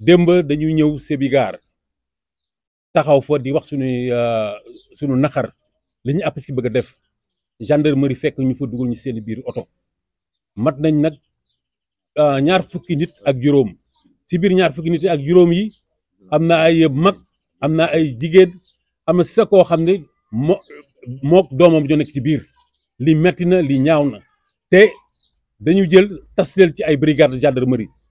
démb dañu ñëw sebigar taxaw fa di wax suñuy euh, suñu naqar li ñu si bëgg a def gendarmerie fekk ñu fa dugal ñu seen biir oto mat nañ nag euh, ñaar fukki nit ak juróom si biir ñaar fukki nit ak juróom yi am na ay mag am na ay jigéen am na sa koo xam ne moo mook doomam ñoo nekk ci biir li metti na li ñaaw na te dañu jël tas leen ci ay brigade gendarmerie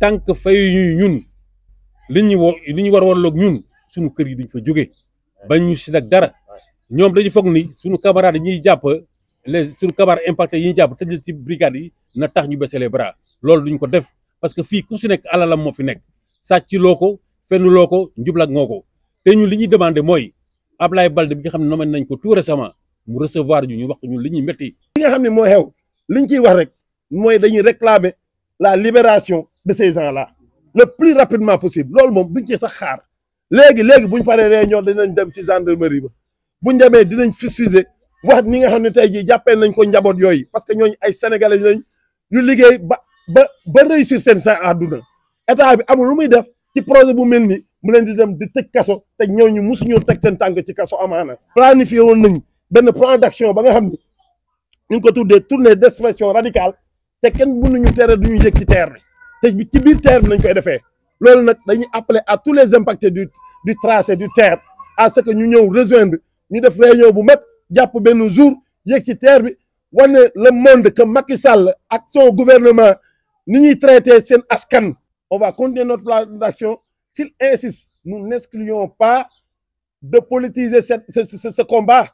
tant que fayuñu ñun liñu war ñun suñu kër yi duñ fa joggé nous avons dara dañu ni suñu camarades impacté brigade na tax ñu les bras duñ parce que fi nek sacc fenn loco, njublag ngoko té ñu liñu demander moy Ablaye Balde bi nga nañ tout récemment mu recevoir ñu ñu wax nga xew liñ ciy wax la libération de ces gens-là le plus rapidement possible loolu moom duñ ci sax xaar léegi léegi buñ paree réunion dinañ dem ci gendarmerie ba buñ demee dinañ fisciser wax ni nga xamné tay ji jappé nañ ko njabot yoy parce que ñooñu ay sénégalais lañ ñu liggéey ba ba réussir sen sa aduna état bi amul lu muy def ci projet bu melni mu leen di dem di tëj kaso te musu ñu teg sen tank ci kasso amana planifié won nañ ben plan d'action ba nga xamné ñu ko tuddé tourner d'expression radicale te kenn ñu tere duñu yëg ci terre tëj ci biir terre bi koy nous dañuy appeler à tous les impactés du du tracé du terre à ce que ñu ñëw rejoindre ñu def réunion bu mag japp benn jour yéeg ci terre bi wone le monde que Macky Sall ak son gouvernement ni ñuy traité sen askan. on va continuer notre plan d'action s'il insiste nous n'excluons pas de politiser ce ce ce combat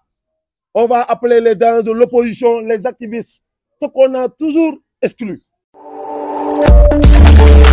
on va appeler les dangers de l'opposition les activistes ce qu'on a toujours exclu. 嗯。